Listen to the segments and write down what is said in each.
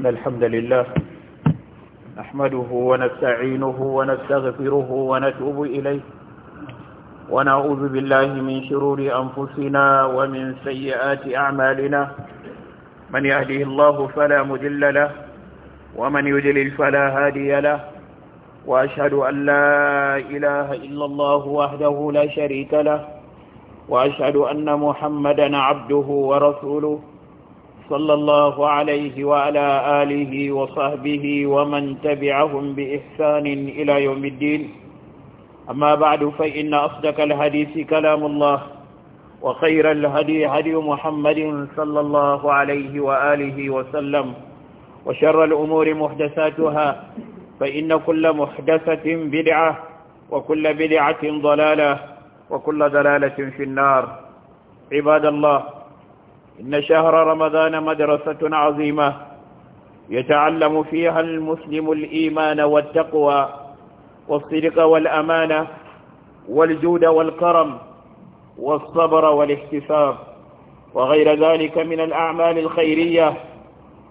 إن الحمد لله نحمده ونستعينه ونستغفره ونتوب إليه ونعوذ بالله من شرور أنفسنا ومن سيئات أعمالنا من يهده الله فلا مدل له ومن يدلل فلا هادي له وأشهد أن لا إله إلا الله وحده لا شريك له وأشهد أن محمدا عبده ورسوله صلى الله عليه وعلى آله وصحبه ومن تبعهم بإحسان إلى يوم الدين أما بعد فإن أصدق الحديث كلام الله وخير الهدي هدي محمد صلى الله عليه وآله وسلم وشر الأمور محدثاتها فإن كل محدثة بدعة وكل بدعة ضلالة وكل ضلالة في النار عباد الله إن شهر رمضان مدرسة عظيمة يتعلم فيها المسلم الإيمان والتقوى والصدق والأمانة والجود والكرم والصبر والاحتساب وغير ذلك من الأعمال الخيرية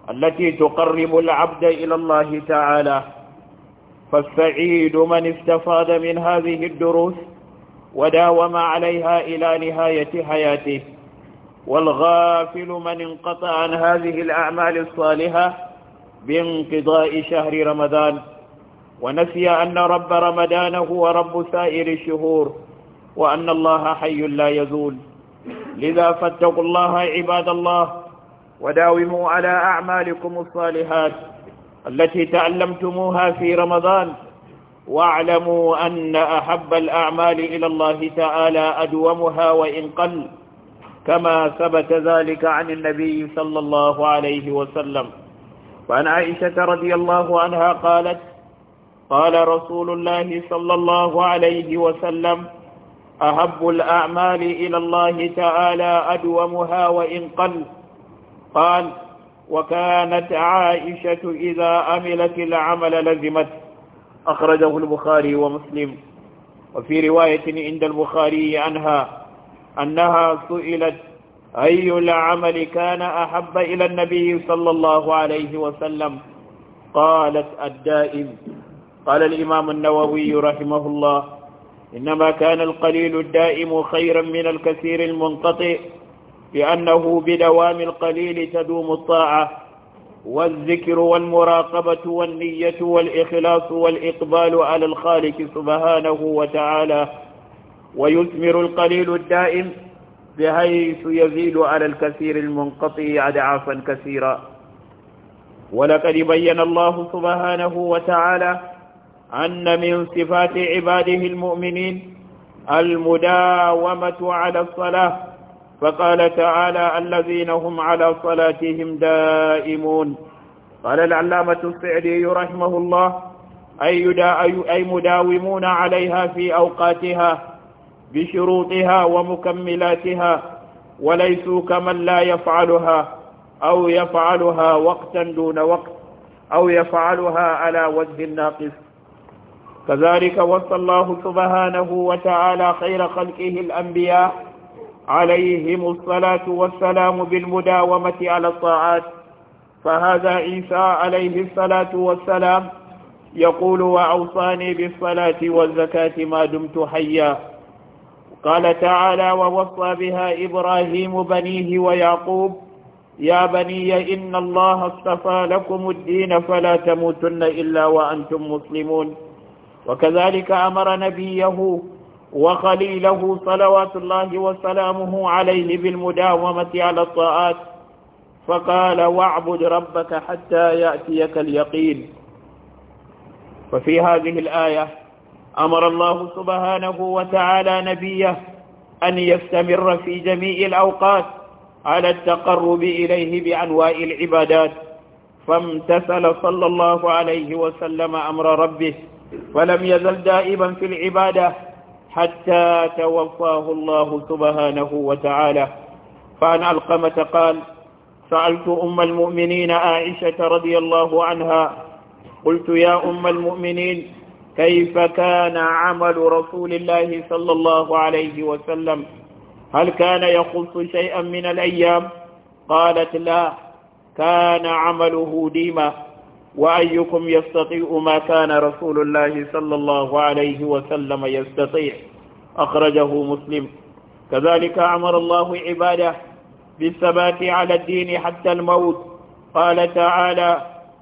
التي تقرب العبد إلى الله تعالى فالسعيد من استفاد من هذه الدروس وداوم عليها إلى نهاية حياته والغافل من انقطع عن هذه الأعمال الصالحة بانقضاء شهر رمضان ونسي أن رب رمضان هو رب سائر الشهور وأن الله حي لا يزول لذا فاتقوا الله عباد الله وداوموا على أعمالكم الصالحات التي تعلمتموها في رمضان واعلموا أن أحب الأعمال إلى الله تعالى أدومها وإن قل كما ثبت ذلك عن النبي صلى الله عليه وسلم وعن عائشة رضي الله عنها قالت قال رسول الله صلى الله عليه وسلم أحب الأعمال إلى الله تعالى أدومها وإن قل قال وكانت عائشة إذا أملت العمل لزمت أخرجه البخاري ومسلم وفي رواية عند البخاري عنها أنها سئلت أي العمل كان أحب إلى النبي صلى الله عليه وسلم قالت الدائم قال الإمام النووي رحمه الله إنما كان القليل الدائم خيرا من الكثير المنقطع لأنه بدوام القليل تدوم الطاعة والذكر والمراقبة والنية والإخلاص والإقبال على الخالق سبحانه وتعالى ويثمر القليل الدائم بحيث يزيد على الكثير المنقطع أضعافا كثيرا ولقد بين الله سبحانه وتعالى أن من صفات عباده المؤمنين المداومة على الصلاة فقال تعالى الذين هم على صلاتهم دائمون قال العلامة السعدي رحمه الله أي, أي مداومون عليها في أوقاتها بشروطها ومكملاتها وليسوا كمن لا يفعلها أو يفعلها وقتا دون وقت أو يفعلها على وجه ناقص كذلك وصى الله سبحانه وتعالى خير خلقه الأنبياء عليهم الصلاة والسلام بالمداومة على الطاعات فهذا عيسى عليه الصلاة والسلام يقول وأوصاني بالصلاة والزكاة ما دمت حيا قال تعالى ووصى بها إبراهيم بنيه ويعقوب يا بني إن الله اصطفى لكم الدين فلا تموتن إلا وأنتم مسلمون وكذلك أمر نبيه وخليله صلوات الله وسلامه عليه بالمداومة على الطاعات فقال واعبد ربك حتى يأتيك اليقين ففي هذه الآية أمر الله سبحانه وتعالى نبيه أن يستمر في جميع الأوقات على التقرب إليه بأنواع العبادات فامتثل صلى الله عليه وسلم أمر ربه ولم يزل دائما في العبادة حتى توفاه الله سبحانه وتعالى فعن علقمة قال سألت أم المؤمنين عائشة رضي الله عنها قلت يا أم المؤمنين كيف كان عمل رسول الله صلى الله عليه وسلم هل كان يخص شيئا من الأيام قالت لا كان عمله ديما وأيكم يستطيع ما كان رسول الله صلى الله عليه وسلم يستطيع أخرجه مسلم كذلك أمر الله عباده بالثبات على الدين حتى الموت قال تعالى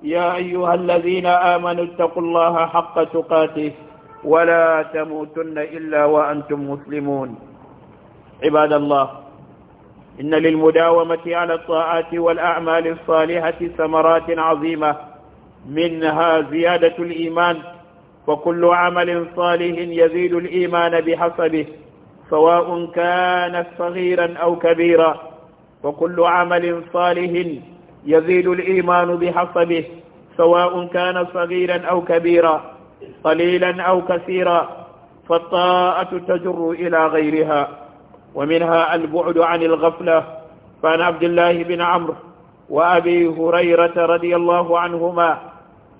يا أيها الذين آمنوا اتقوا الله حق تقاته ولا تموتن إلا وأنتم مسلمون عباد الله إن للمداومة على الطاعات والأعمال الصالحة ثمرات عظيمة منها زيادة الإيمان وكل عمل صالح يزيد الإيمان بحسبه سواء كان صغيرا أو كبيرا وكل عمل صالح يزيد الإيمان بحسبه سواء كان صغيرا أو كبيرا قليلا أو كثيرا فالطاعة تجر إلى غيرها ومنها البعد عن الغفلة فعن عبد الله بن عمرو وأبي هريرة رضي الله عنهما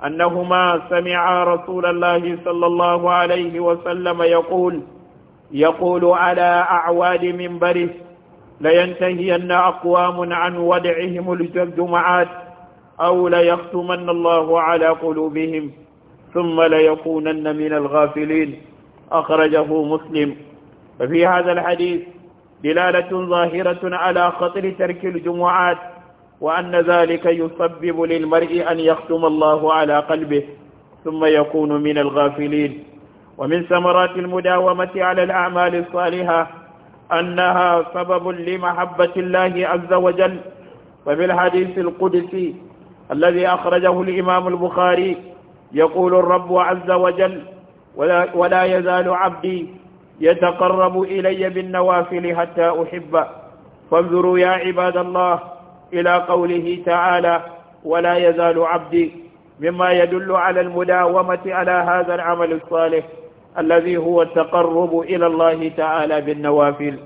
أنهما سمعا رسول الله صلى الله عليه وسلم يقول يقول على أعواد منبره لينتهين أقوام عن ودعهم الجمعات أو ليختمن الله على قلوبهم ثم ليكونن من الغافلين أخرجه مسلم ففي هذا الحديث دلالة ظاهرة على خطر ترك الجمعات وأن ذلك يسبب للمرء أن يختم الله على قلبه ثم يكون من الغافلين ومن ثمرات المداومة على الأعمال الصالحة أنها سبب لمحبة الله عز وجل ففي الحديث القدسي الذي أخرجه الإمام البخاري يقول الرب عز وجل ولا, ولا يزال عبدي يتقرب إلي بالنوافل حتى أحبه فانظروا يا عباد الله إلى قوله تعالى ولا يزال عبدي مما يدل على المداومة على هذا العمل الصالح الذي هو التقرب إلى الله تعالى بالنوافل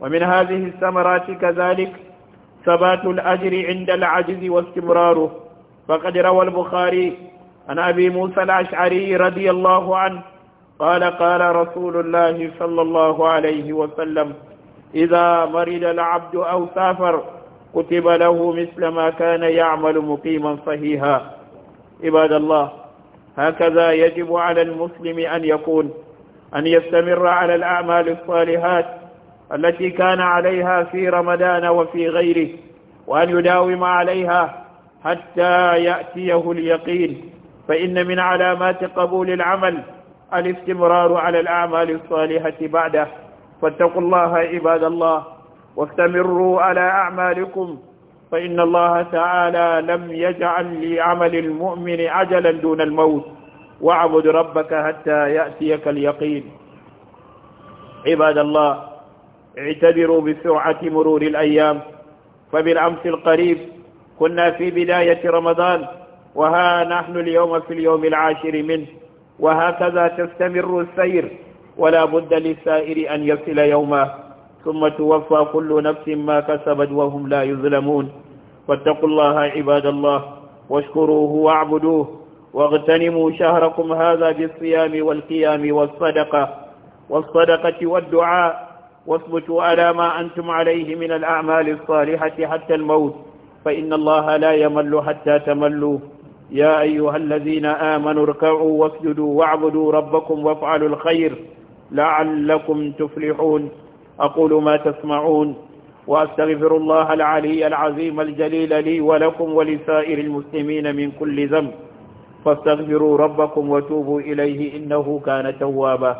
ومن هذه الثمرات كذلك ثبات الأجر عند العجز واستمراره فقد روى البخاري عن أبي موسى الأشعري رضي الله عنه قال قال رسول الله صلى الله عليه وسلم إذا مرض العبد أو سافر كتب له مثل ما كان يعمل مقيما صحيحا عباد الله هكذا يجب على المسلم أن يكون أن يستمر على الأعمال الصالحات التي كان عليها في رمضان وفي غيره وأن يداوم عليها حتى يأتيه اليقين فإن من علامات قبول العمل الاستمرار على الأعمال الصالحة بعده فاتقوا الله عباد الله واستمروا على أعمالكم فإن الله تعالى لم يجعل لعمل المؤمن عجلا دون الموت واعبد ربك حتى يأتيك اليقين عباد الله اعتبروا بسرعة مرور الأيام فبالأمس القريب كنا في بداية رمضان وها نحن اليوم في اليوم العاشر منه وهكذا تستمر السير ولا بد للسائر أن يصل يومه ثم توفى كل نفس ما كسبت وهم لا يظلمون فاتقوا الله عباد الله واشكروه واعبدوه واغتنموا شهركم هذا بالصيام والقيام والصدقة والصدقة والدعاء واثبتوا على ما أنتم عليه من الأعمال الصالحة حتى الموت فإن الله لا يمل حتى تملوا يا أيها الذين آمنوا اركعوا واسجدوا واعبدوا ربكم وافعلوا الخير لعلكم تفلحون أقول ما تسمعون وأستغفر الله العلي العظيم الجليل لي ولكم ولسائر المسلمين من كل ذنب فاستغفروا ربكم وتوبوا إليه إنه كان توابا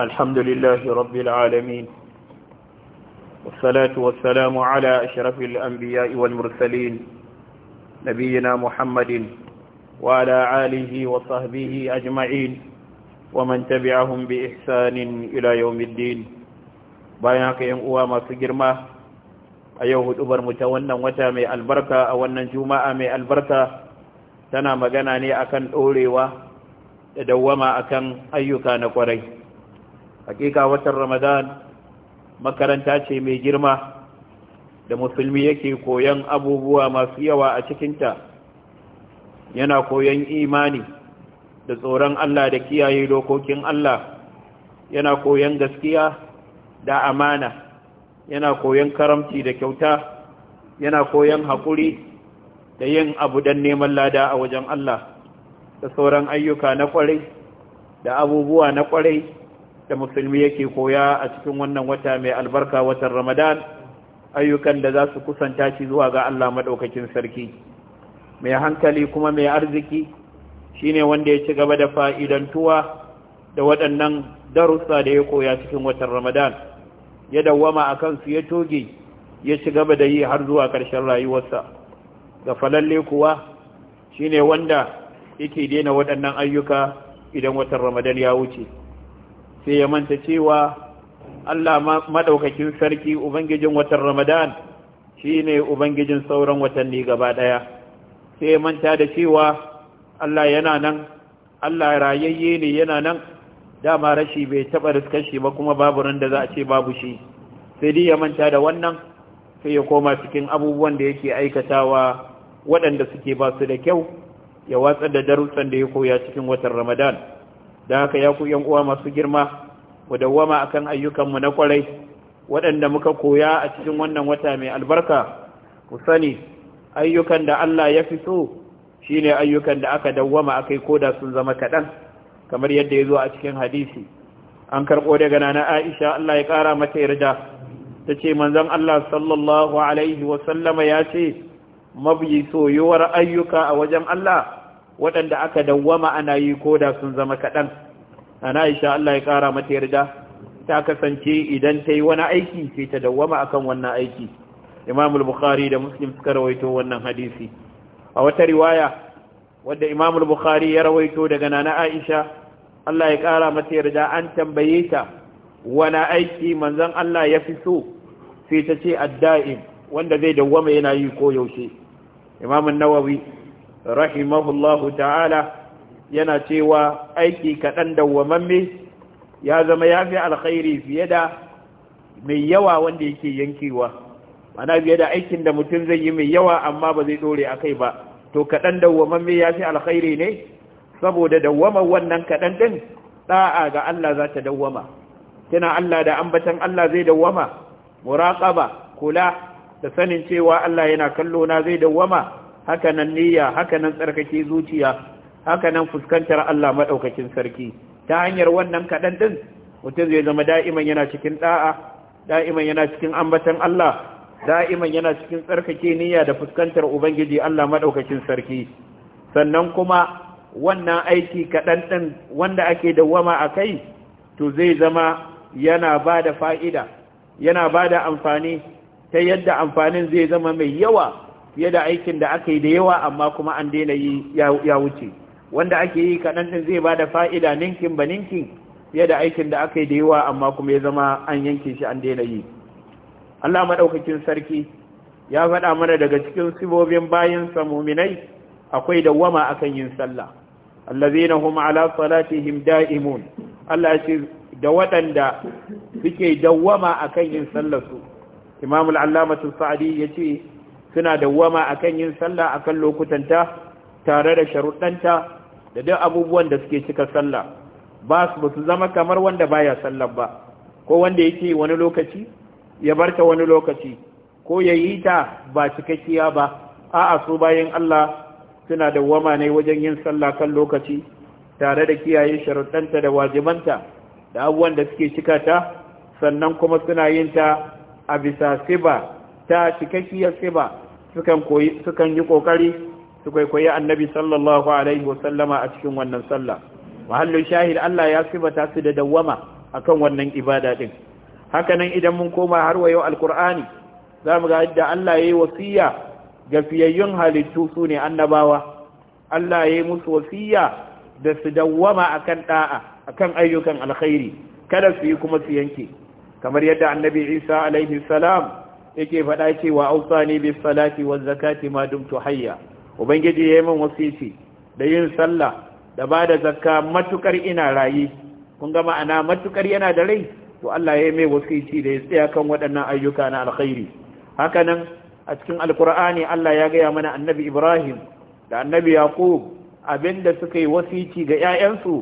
الحمد لله رب العالمين والصلاة والسلام على أشرف الأنبياء والمرسلين نبينا wa وعلى آله وصحبه أجمعين ومن تبعهم بإحسان إلى يوم الدين bayan haka yan uwa masu girma a yau hudubar mu ta wannan wata mai albarka a wannan juma'a mai albarka tana magana ne akan ɗorewa da dawwama akan ayyuka na kwarai hakika watan ramadan makaranta ce mai girma da musulmi yake koyon abubuwa masu yawa a cikinta yana koyon imani da tsoron Allah da kiyaye dokokin Allah yana koyon gaskiya da amana yana koyon karamci da kyauta yana koyon haƙuri da yin abu don neman lada a wajen Allah da sauran ayyuka na kwarai da abubuwa na kwarai da musulmi yake koya a cikin wannan wata mai albarka watan ramadan ayyukan da za su kusanta shi zuwa ga Allah maɗaukakin sarki mai hankali kuma mai arziki shine wanda ya ci gaba da fa'idantuwa da waɗannan darussa da ya koya cikin watan ramadan ya dawwama a kansu ya toge ya ci gaba da yi har zuwa ƙarshen rayuwarsa ga falalle kuwa shine wanda yake daina waɗannan ayyuka idan watan ramadan ya wuce sai ya manta cewa Allah madaukakin sarki ubangijin watan Ramadan shi ne ubangijin sauran watanni gaba daya sai ya manta da cewa Allah yana nan Allah rayayye ne yana nan dama rashi bai taɓa riskar shi ba kuma babu ran da za a ce babu shi sai dai ya manta da wannan sai ya koma cikin abubuwan da yake aikatawa waɗanda suke ba su da kyau ya watsar da darussan da ya koya cikin watan Ramadan da haka ya ku yan uwa masu girma mu dawwama akan ayyukanmu na kwarai waɗanda muka koya a cikin wannan wata mai albarka ku sani ayyukan da Allah ya fi so shine ayyukan da aka dawwama akai koda sun zama kaɗan kamar yadda ya zo a cikin hadisi an karɓo daga nana Aisha Allah ya ƙara mata yarda ta ce manzon Allah sallallahu alaihi wa sallama ya ce mabiyi soyuwar ayyuka a wajen Allah waɗanda aka dawwama ana yi ko da sun zama kaɗan ana isha Allah ya ƙara mata yarda ta kasance idan ta yi wani aiki sai ta dawwama akan wannan aiki imamul bukhari da muslim suka rawaito wannan hadisi a wata riwaya wadda imamul bukhari ya rawaito daga nana aisha Allah ya ƙara mata yarda an tambaye ta wani aiki manzon Allah ya fi so sai ta ce adda'im wanda zai dawwama yana yi ko yaushe imamun nawawi rahimahullahu ta'ala yana cewa aiki kaɗan dawwamamme ya zama ya fi alkhairi fiye da mai yawa wanda yake yankewa mana fiye da aikin da mutum zai yi mai yawa amma ba zai ɗore a kai ba to kaɗan dawwamamme ya fi alkhairi ne saboda dawwamar wannan kaɗan ɗin ɗa'a ga Allah za ta dawwama tana Allah da ambatan Allah zai dawwama muraƙaba kula da sanin cewa Allah yana kallo na zai dawwama hakanan niyya hakanan nan tsarkake zuciya hakanan nan fuskantar Allah maɗaukakin sarki ta hanyar wannan kaɗan ɗin mutum zai zama da'iman yana cikin ɗa'a da'iman yana cikin ambaton Allah da'iman yana cikin tsarkake niyya da fuskantar ubangiji Allah maɗaukakin sarki sannan kuma wannan aiki kaɗan ɗin wanda ake dawama a kai to zai zama yana bada fa'ida yana bada amfani ta yadda amfanin zai zama mai yawa fiye da aikin da aka yi da yawa amma kuma an daina yi ya wuce wanda ake yi kaɗan ɗin zai bada fa'ida ninkin ba ninkin fiye da aikin da aka yi da yawa amma kuma ya zama an yanke shi an daina yi Allah maɗaukakin sarki ya faɗa mana daga cikin sibobin bayan samuminai akwai dawwama akan yin sallah allazina hum ala salatihim da'imun Allah ya ce da waɗanda suke dawwama akan yin sallar su Imam al-Allamah Sa'di yace suna dawwama akan yin sallah a akan lokutanta tare da sharuɗanta da duk abubuwan da suke cika sallah ba su ba su zama kamar wanda baya sallah ba ko wanda yake wani lokaci ya barta wani lokaci ko ya yi ta ba cikakkiya ba a'a su bayan Allah suna dawwama ne wajen yin sallah kan lokaci tare da kiyaye sharuɗanta da wajibanta da abubuwan da suke cika ta sannan kuma suna yin ta a bisa siba ta cikakkiyar siba sukan koyi sukan yi kokari su kwaikwayi annabi sallallahu alaihi wasallama a cikin wannan sallah mahallin shahid Allah ya sifata su da dawwama akan wannan ibada ɗin hakanan idan mun koma har wayo alqur'ani zamu ga yadda Allah yi wasiya ga fiyayyun halittu su ne annabawa Allah yayi musu wasiya da su dawwama akan da'a akan ayyukan alkhairi kada su yi kuma su yanke kamar yadda annabi Isa alaihi salam yake faɗa cewa ausani bis salati waz zakati ma dumtu hayya ubangiji yayi min wasisi da yin sallah da bada zakka matukar ina rayi kun ga ma'ana matukar yana da rai to Allah yayi mai wasisi da ya tsaya kan waɗannan ayyuka na alkhairi haka nan a cikin alkur'ani Allah ya gaya mana annabi Ibrahim da annabi Yaqub abinda suka yi wasici ga ƴaƴansu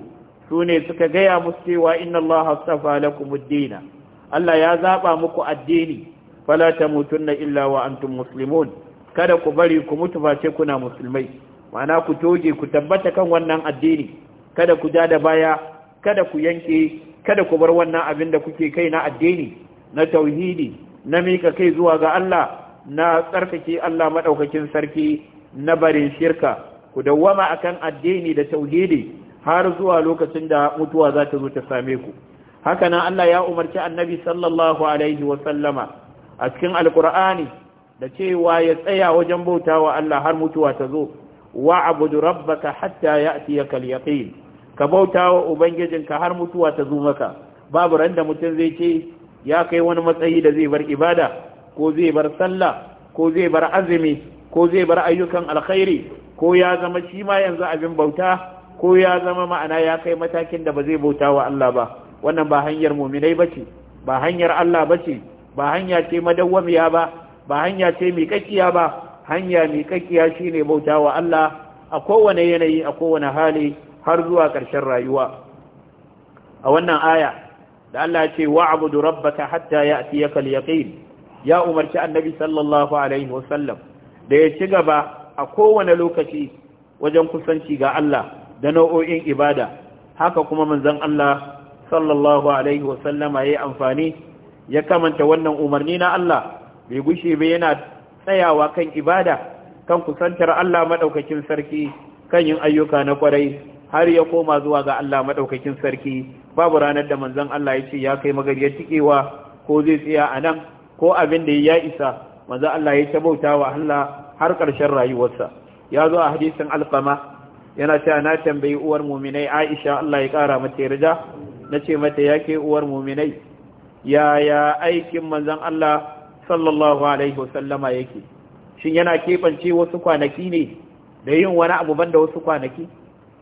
sune suka gaya musu cewa inna Allah astafa lakum ad-din Allah ya zaba muku addini fala tamutunna illa wa antum muslimun kada ku bari ku mutu face kuna musulmai ma'ana ku toge ku tabbata kan wannan addini kada ku ja da baya kada ku yanke kada ku bar wannan abin da kuke kai na addini na tauhidi na mika kai zuwa ga Allah na tsarkake Allah madaukakin sarki na barin shirka ku dawwama akan addini da tauhidi har zuwa lokacin da mutuwa za ta zo ta same ku haka nan Allah ya umarci annabi sallallahu alaihi wa sallama a cikin alkur'ani da cewa ya tsaya wajen bauta wa Allah har mutuwa ta zo wa abudu rabbaka hatta ya'tiyaka al-yaqin ka bautawa ubangijinka har mutuwa ta zo maka babu randa mutum zai ce ya kai wani matsayi da zai bar ibada ko zai bar sallah ko zai bar azumi ko zai bar ayyukan alkhairi ko ya zama shi ma yanzu abin bauta ko ya zama ma'ana ya kai matakin da ba zai bauta wa Allah ba wannan ba hanyar muminai bace ba hanyar Allah bace ba hanya ce madawwamiya ba ba hanya ce miƙaƙiya ba hanya miƙaƙiya shine bauta wa Allah a kowane yanayi a kowane hali har zuwa ƙarshen rayuwa a wannan aya da Allah ce wa'budu rabbaka hatta ya'tiyaka al-yaqin ya umarci annabi sallallahu alaihi wasallam da ya ci gaba a kowane lokaci wajen kusanci ga Allah da nau'o'in ibada haka kuma manzon Allah sallallahu alaihi wasallama yayi amfani ya kamanta wannan umarni na Allah bai gushe ba yana tsayawa kan ibada kan kusantar Allah maɗaukakin sarki kan yin ayyuka na kwarai har ya koma zuwa ga Allah maɗaukakin sarki babu ranar da manzon Allah ya ce ya kai ya tikewa ko zai tsaya a nan ko abin da ya isa manzon Allah ya bauta wa Allah har ƙarshen rayuwarsa ya zo a hadisin alqama yana cewa na tambayi uwar muminai Aisha Allah ya kara mata yarda nace mata yake uwar muminai yaya aikin manzan Allah sallallahu alaihi wasallama yake shin yana keɓance wasu kwanaki ne da yin wani abu banda wasu kwanaki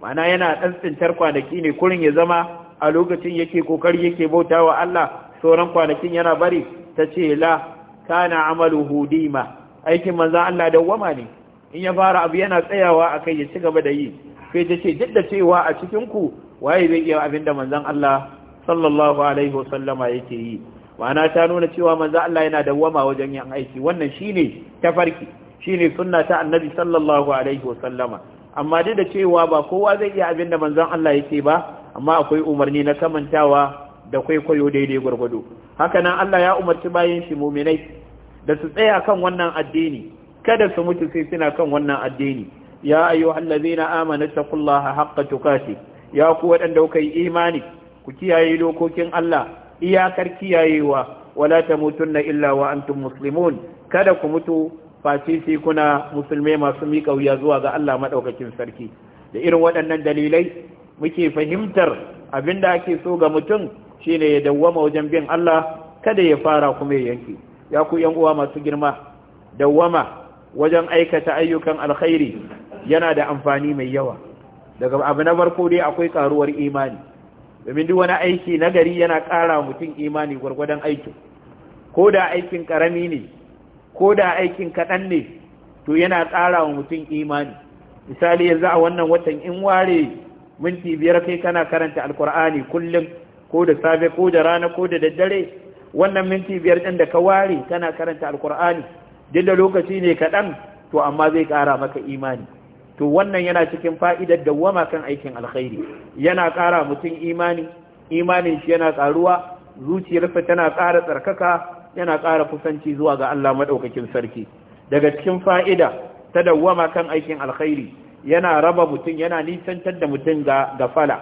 Mana yana tsintar kwanaki ne kurin ya zama a lokacin yake kokari yake bautawa Allah sauran kwanakin yana bari ta ce la kana amalu hudima aikin manzan Allah dawwama ne in ya fara abu yana tsayawa akai ya ci gaba da yi sai ta ce duk da cewa a cikin ku waye zai iya abinda manzan Allah sallallahu alaihi wasallama yake yi ma'ana ta nuna cewa manzo Allah yana dawwama wajen yin aiki wannan shine tafarki shine sunna ta annabi sallallahu alaihi wasallama amma duk da cewa ba kowa zai iya abin da manzon Allah yake ba amma akwai umarni na kamantawa da kwaikwayo daidai gwargwado haka nan Allah ya umarci bayan shi muminai da su tsaya kan wannan addini kada su mutu sai suna kan wannan addini ya ayyuhallazina amanu taqullaha haqqa tuqatih ya ku waɗanda kuka yi imani ku kiyaye dokokin Allah iyakar kiyayewa wala tamutunna illa wa antum muslimun kada ku mutu face sai kuna musulmai masu miƙa wuya zuwa ga Allah madaukakin sarki da irin waɗannan dalilai muke fahimtar abinda ake so ga mutum shine ya dawwama wajen bin Allah kada ya fara kuma ya yanke ya ku yan uwa masu girma dawwama wajen aikata ayyukan alkhairi yana da amfani mai yawa daga abu na farko dai akwai karuwar imani domin duk wani aiki na gari yana ƙara mutum imani gwargwadon aikin ko da aikin ƙarami ne ko da aikin kaɗan ne to yana ƙara wa mutum imani misali yanzu a wannan watan in ware minti biyar kai kana karanta alkur'ani kullum ko da safe ko da rana ko da daddare wannan minti biyar ɗin da ka ware kana karanta alkur'ani duk da lokaci ne kaɗan to amma zai ƙara maka imani to wannan yana cikin fa'idar dawwama kan aikin alkhairi yana ƙara mutum imani imanin shi yana ƙaruwa zuciyarsa tana ƙara tsarkaka yana ƙara kusanci zuwa ga Allah maɗaukakin sarki daga cikin fa'ida ta dawwama kan aikin alkhairi yana raba mutum yana nisantar da mutum ga gafala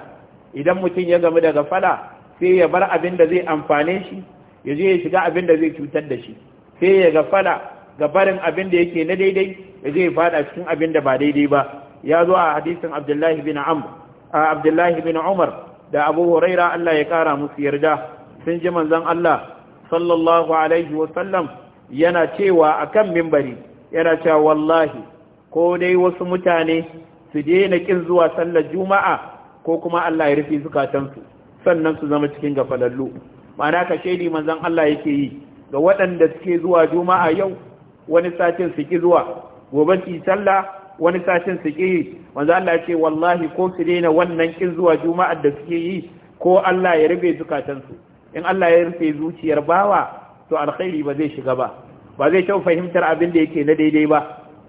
idan mutum ya gamu da gafala sai ya bar abin da zai amfane shi ya je ya shiga abin da zai cutar da shi sai ya gafala ga barin abin da yake na daidai da zai fada cikin abin da ba daidai ba ya zo a hadisin abdullahi bin amr a abdullahi bin umar da abu huraira Allah ya kara musu yarda sun ji manzon Allah sallallahu alaihi wa sallam yana cewa akan mimbari yana cewa wallahi ko dai wasu mutane su daina kin zuwa sallar juma'a ko kuma Allah ya rufe zukatansu sannan su zama cikin gafalallu ma'ana ka shaidi manzon Allah yake yi ga waɗanda suke zuwa juma'a yau wani sashen su ki zuwa gobe su sallah wani sashen su ki wanzu Allah ya ce wallahi ko su daina wannan kin zuwa juma'ar da suke yi ko Allah ya rufe zukatansu in Allah ya rufe zuciyar bawa to alkhairi ba zai shiga ba ba zai tau fahimtar abin da yake na daidai ba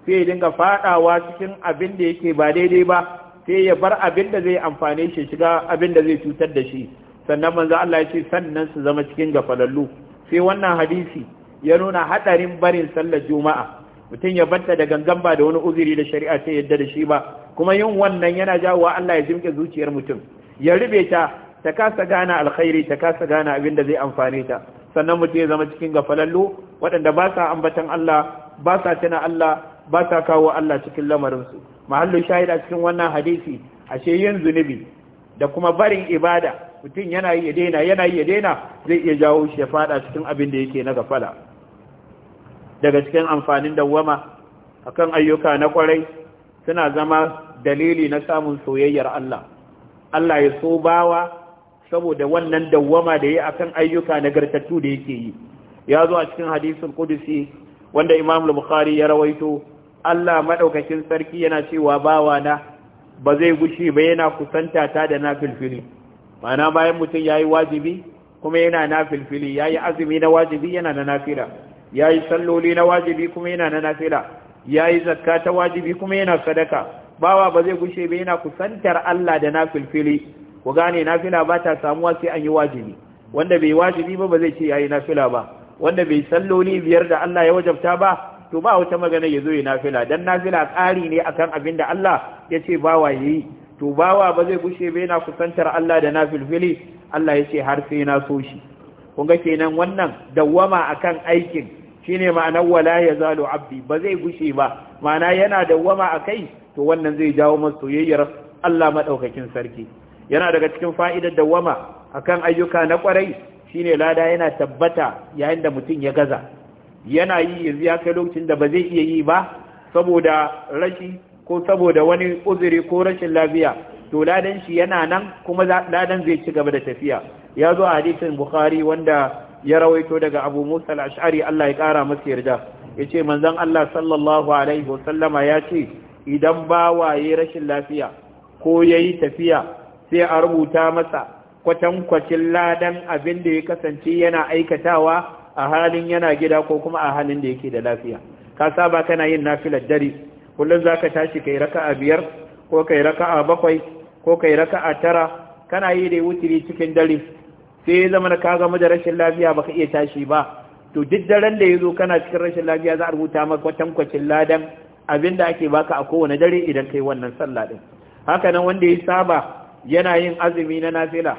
sai ya dinga fadawa cikin abin da yake ba daidai ba sai ya bar abin da zai amfane shi shiga abin da zai cutar da shi sannan manzo Allah ya ce sannan su zama cikin gafalallu sai wannan hadisi ya nuna hadarin barin sallar juma'a mutum ya banta da gangan ba da wani uzuri da shari'a ta yadda da shi ba kuma yin wannan yana jawowa Allah ya jimke zuciyar mutum ya rube ta ta kasa gana alkhairi ta kasa gana abin da zai amfane ta sannan mutum ya zama cikin gafalallo waɗanda ba sa ambatan Allah ba sa tana Allah ba sa kawo Allah cikin lamarin su mahallu shahida cikin wannan hadisi ashe yin zunubi da kuma barin ibada mutum yana yi ya daina yana yi ya daina zai iya jawo shi ya fada cikin abin da yake na gafala daga cikin amfanin dawwama akan ayyuka na kwarai suna zama dalili na samun soyayyar Allah Allah ya so bawa saboda wannan dawwama da ya akan ayyuka na gartattu da yake yi ya zo a cikin hadisul qudsi wanda Imam al-Bukhari ya rawaito Allah madaukakin sarki yana cewa bawa na ba zai gushi ba yana kusanta ta da nafilfili ma'ana bayan mutum yayi wajibi kuma yana nafilfili yayi azumi na wajibi yana na nafila ya yi salloli na wajibi kuma yana na nafila ya yi zakka ta wajibi kuma yana sadaka bawa ba zai gushe ba yana kusantar Allah da nafilfili ku gane nafila ba ta samuwa sai an yi wajibi wanda bai wajibi ba ba zai ce ya yi nafila ba wanda bai salloli biyar da Allah ya wajabta ba to ba wata magana ya zo ya nafila dan nafila ƙari ne akan abin da Allah ya ce bawa yi to bawa ba zai gushe ba yana kusantar Allah da nafilfili Allah ya ce har sai na so shi kun ga kenan wannan dawwama akan aikin Shi ne ma'anar wala ya zalo abdi ba zai gushe ba ma'ana yana wama a kai to wannan zai jawo masa soyayyar Allah maɗaukakin sarki yana daga cikin fa'idar a kan ayyuka na kwarai ne lada yana tabbata yayin da mutum ya gaza yana yi yanzu ya kai lokacin da ba zai iya yi ba saboda rashi ko saboda wani uzuri ko rashin lafiya to ladan shi yana nan kuma ladan zai ci gaba da tafiya ya zo a hadisin bukhari wanda ya rawaito daga abu musa al-ash'ari Allah ya kara masa yarda yace manzon Allah sallallahu alaihi wasallama ya ce idan bawa waye rashin lafiya ko yayi tafiya sai a rubuta masa kwatankwacin ladan abin da ya kasance yana aikatawa a halin yana gida ko kuma a halin da yake da lafiya ka saba kana yin nafilar dare kullum zaka tashi kai raka'a biyar ko kai raka'a bakwai ko kai raka'a tara kana yi da wutiri cikin dare sai ya zama ka gama da rashin lafiya ba ka iya tashi ba to duk daren da ya zo kana cikin rashin lafiya za a rubuta maka ladan abin da ake baka a kowane dare idan kai wannan sallah din haka nan wanda ya saba yana yin azumi na nafila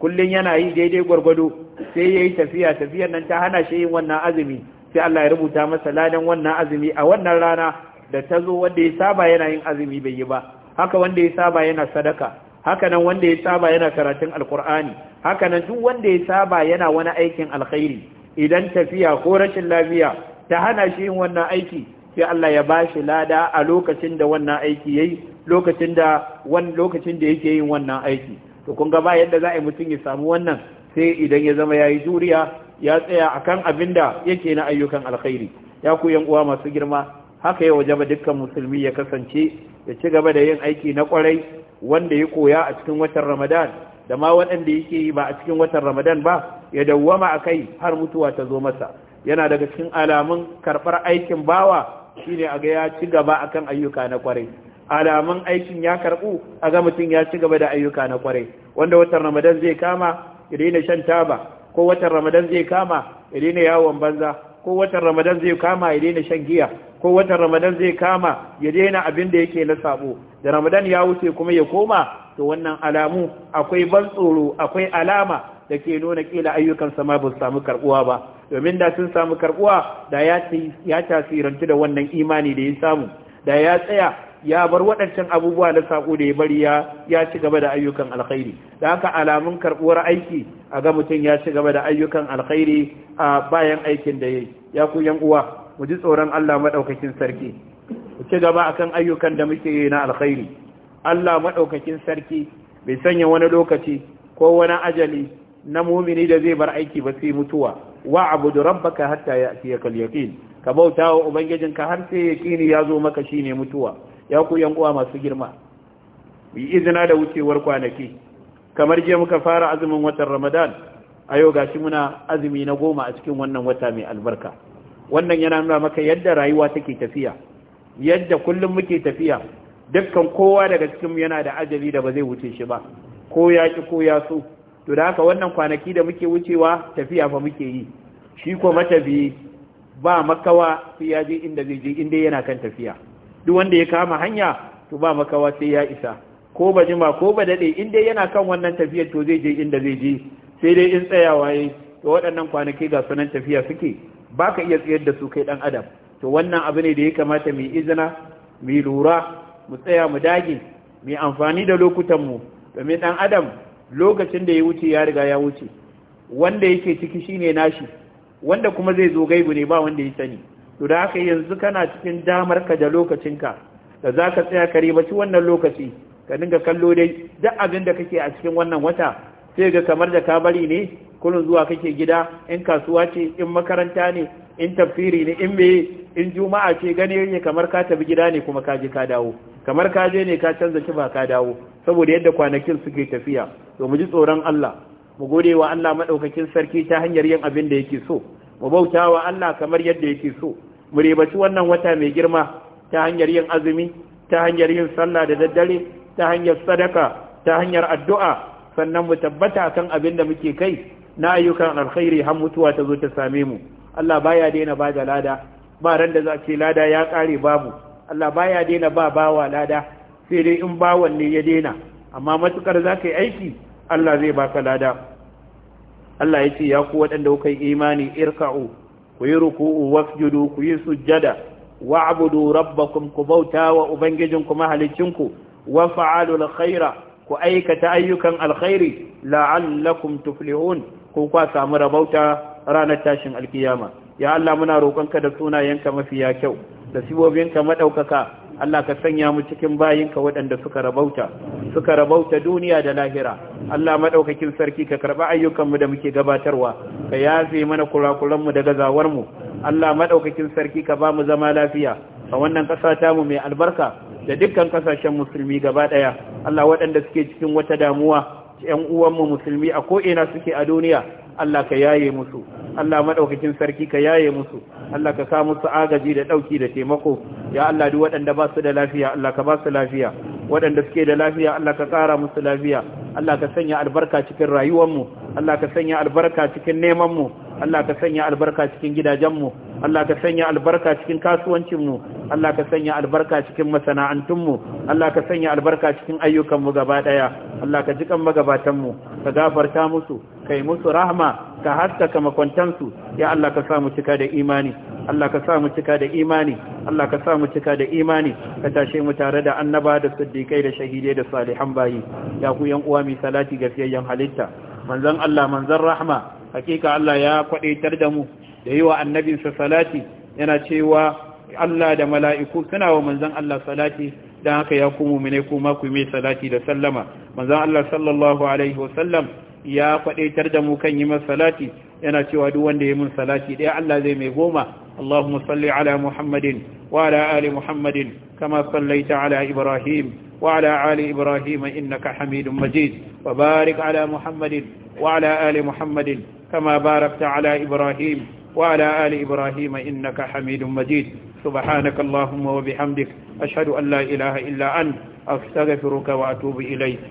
kullum yana yi daidai gwargwado sai ya yi tafiya tafiyar nan ta hana shi yin wannan azumi sai Allah ya rubuta masa ladan wannan azumi a wannan rana da ta zo wanda ya saba yana yin azumi bai yi ba haka wanda ya saba yana sadaka hakanan wanda ya saba yana karatun alkur'ani hakanan duk wanda ya saba yana wani aikin alkhairi idan tafiya ko rashin lafiya ta hana shi yin wannan aiki sai Allah ya bashi lada a lokacin da wannan aiki yayi lokacin da wan lokacin da yake yin wannan aiki to kun ga ba yadda za a yi mutum ya samu wannan sai idan ya zama yayi juriya ya tsaya akan abinda yake na ayyukan alkhairi ya ku yan uwa masu girma haka ya wajaba dukkan musulmi ya kasance ya ci gaba da yin aiki na kwarai wanda ya koya a cikin watan ramadan da ma waɗanda yake yi ba a cikin watan ramadan ba ya dawwama a kai har mutuwa ta zo masa yana daga cikin alamun karɓar aikin bawa shine a ga ya ci gaba akan ayyuka na kwarai alamun aikin ya karɓu a ga mutum ya ci gaba da ayyuka na kwarai wanda watan ramadan zai kama ya daina shan taba ko watan ramadan zai kama ya daina yawon banza ko watan ramadan zai kama ya daina shan giya ko watan ramadan zai kama ya daina abin da yake na saɓo. da ramadan ya wuce kuma ya koma to wannan alamu akwai ban tsoro akwai alama da ke nuna kila ayyukan sama ba su samu karbuwa ba domin da sun samu karbuwa da ya tasirantu da wannan imani da ya samu da ya tsaya ya bar waɗancan abubuwa na saƙo da ya bari ya ci gaba da ayyukan alkhairi da haka alamun karbuwar aiki a ga mutum ya ci gaba da ayyukan alkhairi a bayan aikin da ya yi ya ku yan uwa mu ji tsoron Allah maɗaukakin sarki ku ci gaba akan ayyukan da muke yi na alkhairi Allah madaukakin sarki bai sanya wani lokaci ko wani ajali na mumini da zai bar aiki ba sai mutuwa wa abudu rabbaka hatta ya'tiyakal yaqin ka bauta wa ka har sai yaqini ya zo maka shine mutuwa ya ku yan uwa masu girma bi izina da wucewar kwanaki kamar je muka fara azumin watan Ramadan a yau gashi muna azumi na goma a cikin wannan wata mai albarka wannan yana nuna maka yadda rayuwa take tafiya yadda kullum muke tafiya dukkan kowa daga cikin yana da ajali da ba zai wuce shi ba ko ya ki ko ya so to da haka wannan kwanaki da muke wucewa tafiya fa muke yi shi ko matabi ba makawa sai ya je inda zai je inda yana kan tafiya duk wanda ya kama hanya to ba makawa sai ya isa ko ba jima ko ba dade inda yana kan wannan tafiya to zai je inda zai je sai dai in tsayawa yayi to waɗannan kwanaki ga sunan tafiya suke baka iya tsayar da su kai dan adam to wannan abu ne da ya kamata mu izina mu lura mu tsaya mu dage mu amfani da lokutanmu domin dan adam lokacin da ya wuce ya riga ya wuce wanda yake ciki shine nashi wanda kuma zai zo gaibu ne ba wanda ya sani to da haka yanzu kana cikin damar ka da lokacinka da za ka tsaya ka ribaci wannan lokaci ka dinga kallo dai duk abin da kake a cikin wannan wata sai ga kamar da ka bari ne kullun zuwa kake gida in kasuwa ce in makaranta ne in tafsiri ne in me in juma'a ce gani ne kamar ka tafi gida ne kuma ka je ka dawo kamar ka je ne ka canza kiba ka dawo saboda yadda kwanakin suke tafiya to mu ji tsoron Allah mu gode wa Allah madaukakin sarki ta hanyar yin abin da yake so mu bauta wa Allah kamar yadda yake so mu rebaci wannan wata mai girma ta hanyar yin azumi ta hanyar yin sallah da daddare ta hanyar sadaka ta hanyar addu'a sannan mu tabbata kan abin da muke kai na ayyukan alkhairi har mutuwa ta zo ta same mu Allah baya daina ba da lada ba ran da za ce lada ya kare babu Allah baya daina ba bawa lada sai dai in bawan ne ya daina amma matukar za ka yi aiki Allah zai baka lada Allah ya ce ya ku waɗanda kuka yi imani irka'u ku yi ruku'u wasjudu ku yi sujjada wa'budu rabbakum ku bauta wa ubangijinku mahalicinku wa fa'alu alkhaira ku aikata ayyukan alkhairi la'allakum tuflihun ku kwa samu rabauta ranar tashin alkiyama ya Allah muna roƙonka da sunayenka ya kyau da sibobinka maɗaukaka Allah ka sanya mu cikin bayinka waɗanda suka rabauta suka rabauta duniya da lahira Allah maɗaukakin sarki ka karba ayyukanmu da muke gabatarwa ka yafe mana kurakuranmu da gazawarmu Allah maɗaukakin sarki ka bamu zama lafiya a wannan ƙasa mu mai albarka da dukkan ƙasashen musulmi gaba ɗaya Allah waɗanda suke cikin wata damuwa ‘yan uwanmu musulmi a ko'ina suke a duniya, Allah ka yaye musu, Allah maɗaukakin sarki ka yaye musu, Allah ka sa musu agaji da ɗauki da taimako, ya Allah duk waɗanda ba su da lafiya, Allah ka ba su lafiya, waɗanda suke da lafiya Allah ka ƙara musu lafiya Allah ka sanya albarka cikin rayuwanmu Allah ka sanya albarka cikin nemanmu Allah ka sanya albarka cikin gidajenmu Allah ka sanya albarka cikin kasuwancinmu Allah ka sanya albarka cikin masana'antunmu Allah ka sanya albarka cikin ayyukanmu gaba ɗaya Allah ka jikan magabatanmu ka gafarta musu kai musu rahma ka haskaka makwantansu ya Allah ka sa mu cika da imani Allah ka sa mu cika da imani Allah ka sa mu cika da imani ka tashe mu tare da annaba da siddiqai da shahidai da salihan bayi ya ku yan uwa mi salati ga halitta manzon Allah manzon rahma hakika Allah ya kwadaitar da mu da yi wa annabinsa salati yana cewa Allah da mala'iku suna wa manzon Allah salati don haka ya kuma mine kuma ku mai salati da sallama manzan Allah sallallahu Alaihi wasallam ya faɗaitar da mu kan yi masalati yana cewa duk wanda ya mun salati ɗaya Allah zai mai goma اللهم صل على محمد وعلى آل محمد كما صليت على إبراهيم وعلى آل إبراهيم إنك حميد مجيد وبارك على محمد وعلى آل محمد كما باركت على إبراهيم وعلى آل إبراهيم إنك حميد مجيد سبحانك اللهم وبحمدك أشهد أن لا إله إلا أنت أستغفرك وأتوب إليك